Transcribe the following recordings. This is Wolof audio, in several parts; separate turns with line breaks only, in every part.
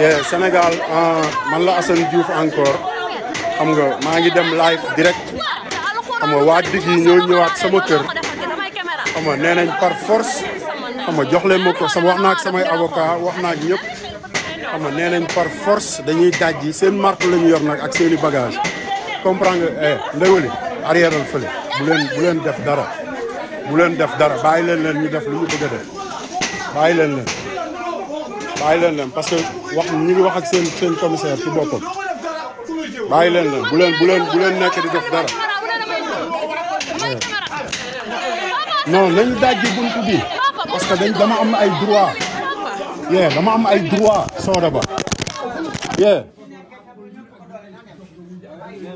yeah Sénégal ah, man la Assane Diouf encore xam nga maa ngi dem live direct xam nga waa digg yi ñoo ñëwaat sama kër xam nga nee nañ par force xam nga jox leen ma ko wax naa samay avocat wax naa yëpp xam nga nee nañ par force dañuy dajji seen marque la yor nag ak seen i bagage comprendre nga eh ndewali arrière al fële bu leen leen def dara bu leen def dara bàyyi leen leen ñu def lu ñu bëgg a leen leen bàyyi leen leen parce que wax ñu ngi wax ak seen seen commissaire ci boppam bàyyi leen leen bu leen bu leen bu leen nekk di def dara. non bi parce que dañ dama am ay droit yee dama am ay droit Soda Ba yee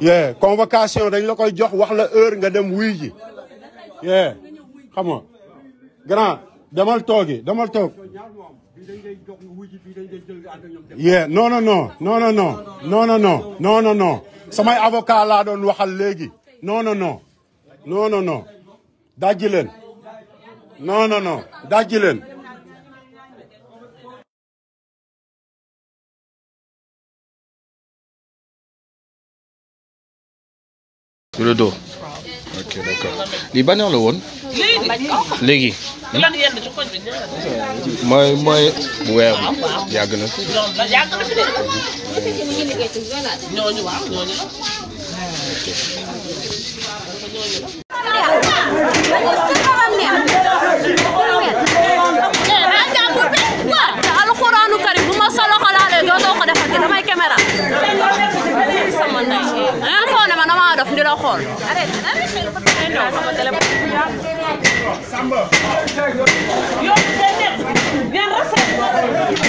yee convocation dañ la koy jox wax la heure nga dem wuy ji yee xam nga grand demal toogi demal toog yeah non non non non non non samay avocat laa doon waxal léegi non noo non non non non dajji leen non non non dajji leen sur léegi mooy mooy bu weer bi yàgg na. alxuraanu karim bu ma sa loxo laalee dootoo ko defati damay caméra sama ndey ngeen xool ne ma damaa dof di la xool. Samba. yow dañ nekk ngeen rafetlu et public.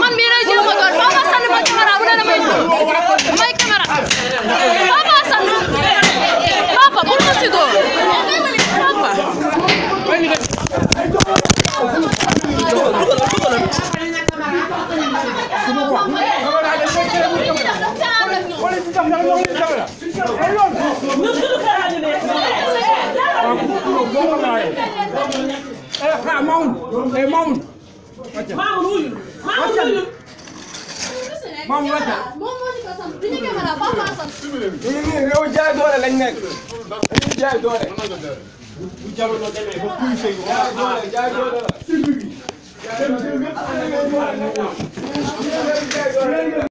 man mii lay jéem a Mamun. Hey, Mamun. Mamun uyuyor. Mamun uyuyor. Mamun wàcce. moom moo ñu ko sant bi ñu gëm la boo ko sant. lii nii réew jaay doole lañ nekk. dañuy jaay doole. bu jamono demee ba kuy sëy. jaay doole jaay doole la.